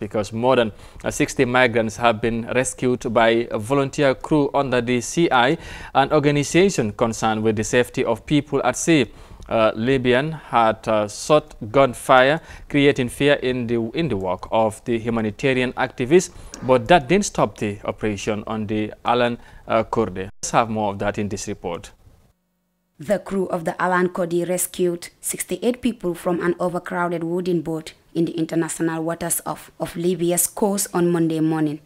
because more than 60 uh, migrants have been rescued by a volunteer crew under the CI, an organization concerned with the safety of people at sea. Libyan had uh, shot gunfire, creating fear in the, in the work of the humanitarian activists, but that didn't stop the operation on the Alan uh, Kurdi. The crew of the Alan Kurdi rescued people from an overcrowded wooden boat in the international waters of, of Libya's coast on Monday morning.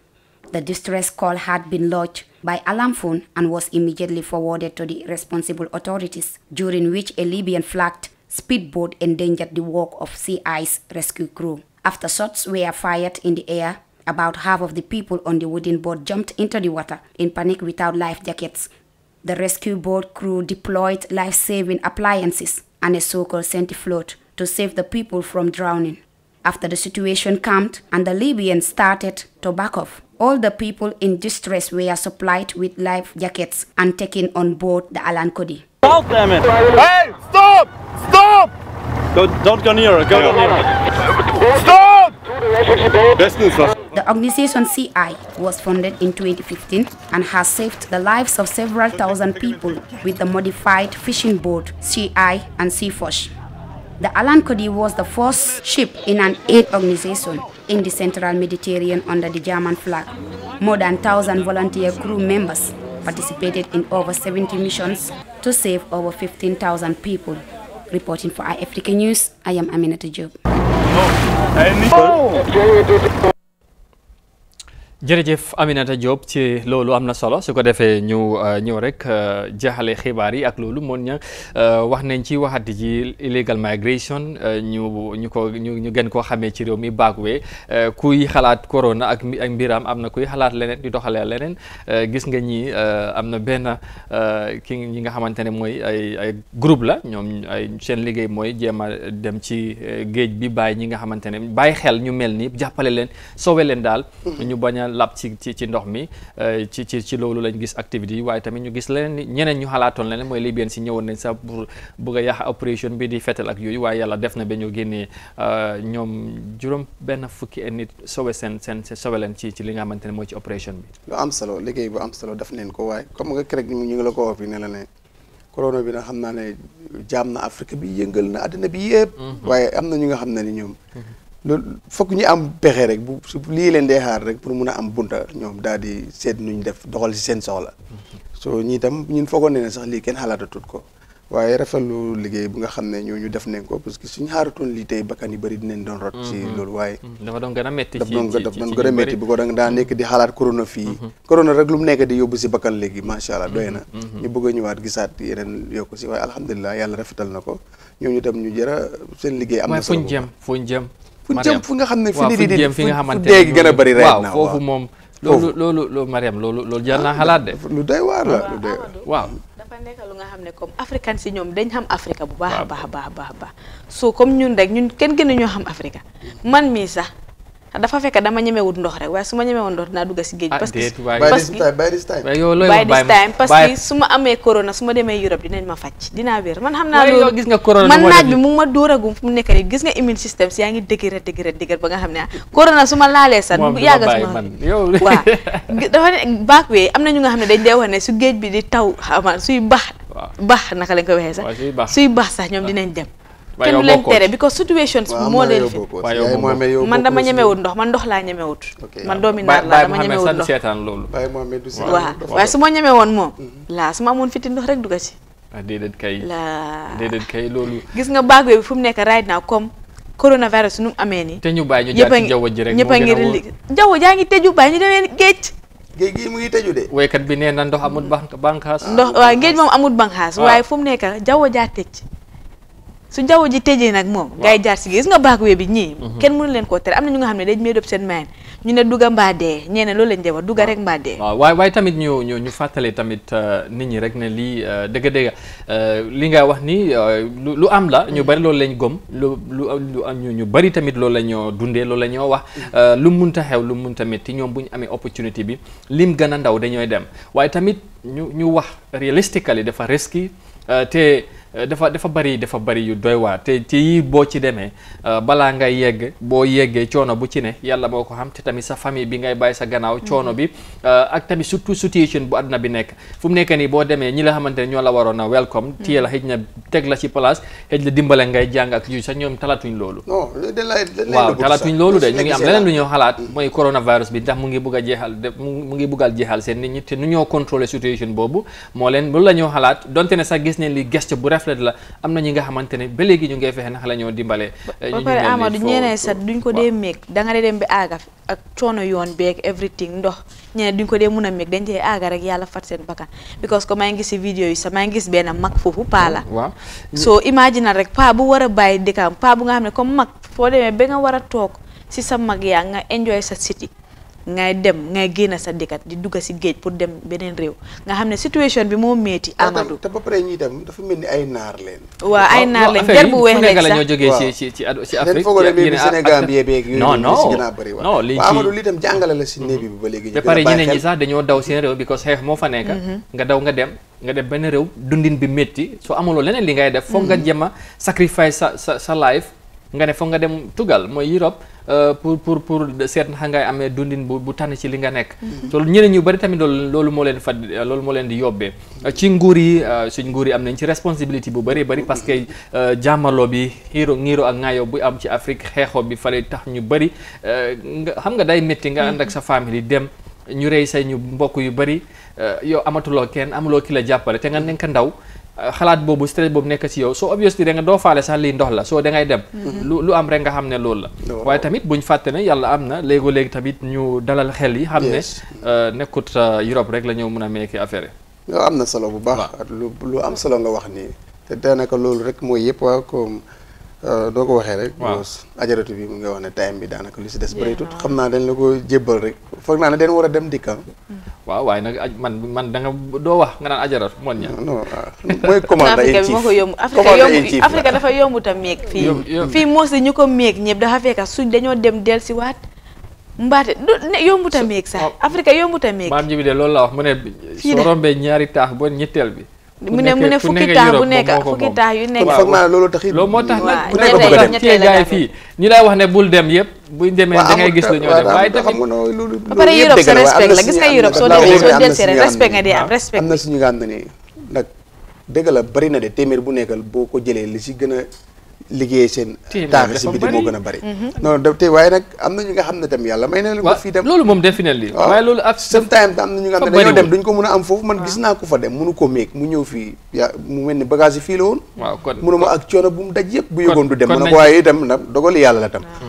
The distress call had been lodged by alarm phone and was immediately forwarded to the responsible authorities, during which a Libyan flagged speedboat endangered the work of sea ice rescue crew. After shots were fired in the air, about half of the people on the wooden boat jumped into the water in panic without life jackets. The rescue boat crew deployed life-saving appliances after the situation calmed and the Libyans started to All the people in distress were supplied with life jackets and taken on board the Alan The organization CI was founded in 2015 and has saved the lives of several thousand people with the modified fishing boat CI and Seafosh. The Alan Kodi was the first ship in an aid organization in the Central Mediterranean under the German flag. More than 1,000 volunteer crew members participated in over missions to save over people. Reporting for iAfrica News, I am Aminata Job. jërëjëf a Diop ci loolu am na solo su ko defee ñu euh, ñëw rek euh, jeexale xibaar yi ak loolu moon ña euh, wax nañ ci waxati ji illegal migration ñu ñu ko ñu ñu gën koo xamee ci réew mi baaguwee kuy xalaat corona ak ak mbiram am na kuy xalaat leneen di doxalee leneen gis nga ñi am na benn ki ñi nga xamante ne mooy ay ay groupe la ñoom seen liggéey mooy jéem a dem ci géej bi bàyyi ñi nga xamante ne bàyyi xel ñu mel ni jàppale leen sowe leen daal mm-hmm. ñu bañ leneen lab ci ndox mi euh, ci ci ci loolu lañ gis activité yi waaye tamit ñu gis leneen ñeneen ñu xalaatoon leneen mooy libyen si ñëwoon nañ sax pour bëgg a yàq opération bi di fetal ak yooyu waaye yàlla def na ba ñu génnee euh, ñoom juróom benn fukki ay nit sowe seen seen sowe leen ci ci li nga xamante ne mooy ci opération bi. lu am solo liggéey bu am solo def neen ko waaye comme nga CREC ñu ngi la ko wax fi ne la ne corona bi nag xam naa ne jaam na Afrique bi yëngal na àddina bi yëpp. Mhm. waaye am na ñu nga xam ne ni ñoom. Mhm. loolu fokk ñu am pexe rek bu su lii leen dee xaar rek pour mun a am bunta ñoom daal di seet ñu def doxal si seen soxla soo ñi tam ñun foogoon ne ne sax lii kenn xalaatatut ko waaye rafetlu liggéey bu nga xam ne ñooñu def nañ ko parce que suñu xaaratoon lii tey yi bëri dinañ doon rot si mm-hmm. loolu waaye mm-hmm. dafa doon gën a metti daf doon ko danga daa nekk di xalaat corona fii mm-hmm. corona rek lu mu yóbbu si bakkan léegi macha allah doy na ñu bëgg a ñëwaat gisaat yeneen yokku si waaye alhamdulilah yàlla rafetal na ko ñooñu tam ñu jëra seen liggéey am na solo fuñ jëm fuñ jëm fu jëm fu nga xam ne. waaw fu jëm fi nga xamante ne gën a bëri waaw foofu moom. loolu loolu loolu Mariam loolu loolu jar naa ah, xalaat de. lu doy waar la lu doy waaw. dafa nekk nga xam ne comme african si ñoom dañ xam Afrique bu baax a baax a baax a baax. soo comme ñun rek ñun kenn gën a ñoo xam Afrique man mii sax dafa fekk dama ñemewut ndox rek waaye su ma ñemewoon ndox dinaa dugg si géej ah, parce que su ma amee corona su ma demee Europe dinañ ma faj dinaa wér man xam naa gis nga corona man naaj bi mu ma dóoragum fu mu nekk gis nga immune system si yaa ngi dëgër a dëgër a dëgër ba nga xam ne ah corona su ma laalee sax yàgga su ma waaw dafa ne baak am na ñu nga xam ne dañ dee wax géej bi di taw xama suy bax bax naka lañ ko waxee sax suy bax sax ñoom dinañ dem waaye yow kenn du leen tere because situations moo leen fi man dama ñemewut ndox man ndox laa ñemewut man doomi naar laa dama ñemewut ndox seetaan loolu waaw waaye su ma ñemewoon moom mhm. laa su ma amoon fiti ndox rek dugga ci ah, déedéet kay laa déedéet kay loolu gis nga baag bi fu mu nekk right now comme coronavirus nu mu amee nii te ñu bàyyi ñu jaar ci jaww ji rek jaa ngi tëju bàyyi ñu demee géej géej mu ngi tëju de waykat bi nee na ndox amul banqaas ndox waaw géej moom amul banqaas waaye fu mu nekk jaww jaa tëj su jaww ji tëjee nag moom gars yi jaar si gis nga baak wee bi ñii mhm. kenn mënu leen koo tere am na ñu nga xam ne dañ may dop seen mayen ñu ne duga mbaa dee ñee ne loolu lañ defa duga rek mbaa dee waaw waaye tamit ñu ñu ñu fàttale tamit euh, nit ñi rek ne lii euh, dëgg-dëgg euh, li nga wax ni lu am la ñu mm. bari loolu lañ gëm lu lu ñu bari tamit loolu la ñoo dundee loolu la ñoo wax mm. lu munta xew lu munta métti ñoom bu ñu amee opportunité bi lim gën ndaw dañooy dem waaye tamit ñu ñu wax realistically dafa risky te Euh, dafa dafa bari dafa bari yu doy waar te te yii boo ci demee euh, balaa ngay yegg boo yeggee coono bu ci ne yàlla boo ko xam te tamit sa famille bi ngay bàyyi sa gannaaw mhm. coono bi euh, ak tamit surtout situation bu àdduna bi nekk fu mu nekk nii boo demee ñi la xamante ne ñoo la waroon a welcome mhm. téye la xëj na teg la ci place xëj la dimbale ngay jàng ak yu sax ñoom talatuñ loolu waaw talatuñ loolu de ñu ngi am leneen lu ñoo xalaat mm. mooy coronavirus bi ndax mu ngi bugg a jeexal mu ngi buggal jeexal seen nit ñi te nu ñoo contrôler situation boobu moo leen loolu la reflet la am na ñi nga xamante ne ba léegi ñu ngi fexe naka la ñoo dimbalee. ba eh, pare Amadou ñeneen sax duñ ko dee meeg danga dee dem bi aaga ak coono yoon beeg everything ndox ñeneen duñ ko dee mun a meeg dañ cee aaga rek yàlla fat seen bakkan because que maa ngi gis si vidéo yi sax maa ngi gis benn mag foofu paa la. waaw soo imagine rek paa bu war a bàyyi dëkkam paa bu nga xam ne comme mag foo demee ba nga war a toog si sa mag yaa nga enjoy sa city ngay dem ngay génn sa dëkkat di dugg si géej pour dem beneen réew nga xam ne situation bi moo métti Amadou te ba pare ñuy dem dafa mel ni ay naar leen waaw ay naar leen jër bu weex rek sax ñoo jógee ci ci ci ci Afrique Sénégal bi yeeg yooyu non non non lii Amadou lii tam jàngale la si néew bi ba léegi ba pare ñeneen ñi sax dañoo daw seen réew because xeex moo fa nekk mhm. nga daw nga dem nga dem benn réew dundin bi métti soo amuloo leneen li ngay def foog nga mhm. jéem a sacrifice sa sa life nga ne foog nga dem tugal mooy Europe euh, pour pour pour seet na ngay amee dundin bu bu tànn ci li nga nekk. te mm-hmm. ñeneen ñu bari tamit loolu moo leen fa loolu moo leen di yóbbee ci nguur yi euh, suñ nguur yi am nañ ci responsabilité bu bari bari parce que mm-hmm. euh, jàmmaloo bi xiiro ngiiro ak ngaayo bu am ci Afrique xeexoo bi fale tax ñu bari nga xam nga day métti nga mm-hmm. ànd ak sa famille dem. ñu rey say ñu mbokk yu bëri euh, yow amatuloo kenn amuloo ki la jàppale te nga nekk ndaw euh, xalaat boobu stress boobu nekk ci yow soo obviously da nga doo faale sax lii ndox la soo da ngay dem mm-hmm. lu lu am rek nga xam ne loolu la waaye tamit buñ fàtte ne yàlla am na léego-léegi tamit ñu dalal xel yi xam ne euh, nekkut Europe rek la ñëw mën a meeki affaire yi am na solo bu baax lu am solo nga wax nii te daanaka loolu rek mooy yëpp comme Euh, doo ko waxee rek. waaw ajaratu bi mu nga wax ne time bi daanaka lu si des. bëreetut xam naa dañ la ko jébbal rek foog naa ne dañ war a dem dikkan. Ah. waaw waaye nag man man da doo wax nga naan ajaratu moon ña. non ah. mooy commande in chief commande in dafa yomb tam meeg fii. fii moo si ñu ko meeg ñëpp dafa fekk suñ dañoo dem dellusiwaat. mbaate du ne yombuta meeg sax. Afrique yombuta meeg. maam ji bi de loolu laa wax mu ne. fii de ñaari taax boo ñetteel bi. mu ne mu ne fukki taax bu nekk fukki taax yu nekk foog naa loolu tax loolu moo tax nag bu nekk ci gaay fii ñi lay wax ne bul dem yëpp buy demee da gis lu ñoo dem waaye tamit xam nga loolu ba pare Europe sa respect la gis nga Europe soo demee soo delsi rek respect nga di am respect am na suñu nga am na ni nag dëgg la bari na de téeméer bu nekkal boo ko jëlee li si gën a liggéeyee seen taax si biti moo gën a bëri mhm. non daf te waaye nag am na ñu nga xam ne tam yàlla may na leen ko fii dem loolu moom definitely waaye am na ñu nga xam ne dañoo dem duñ ko mën a am foofu man gis naa ko fa dem mënu ko meeg mu ñëw fii yaa mu mel ni bagage fii la woon waaw kon mënu ma ak coono bu mu daj yëpp bu yëgoon du dem mu ne ko waaye itam nag dogal yàlla la tam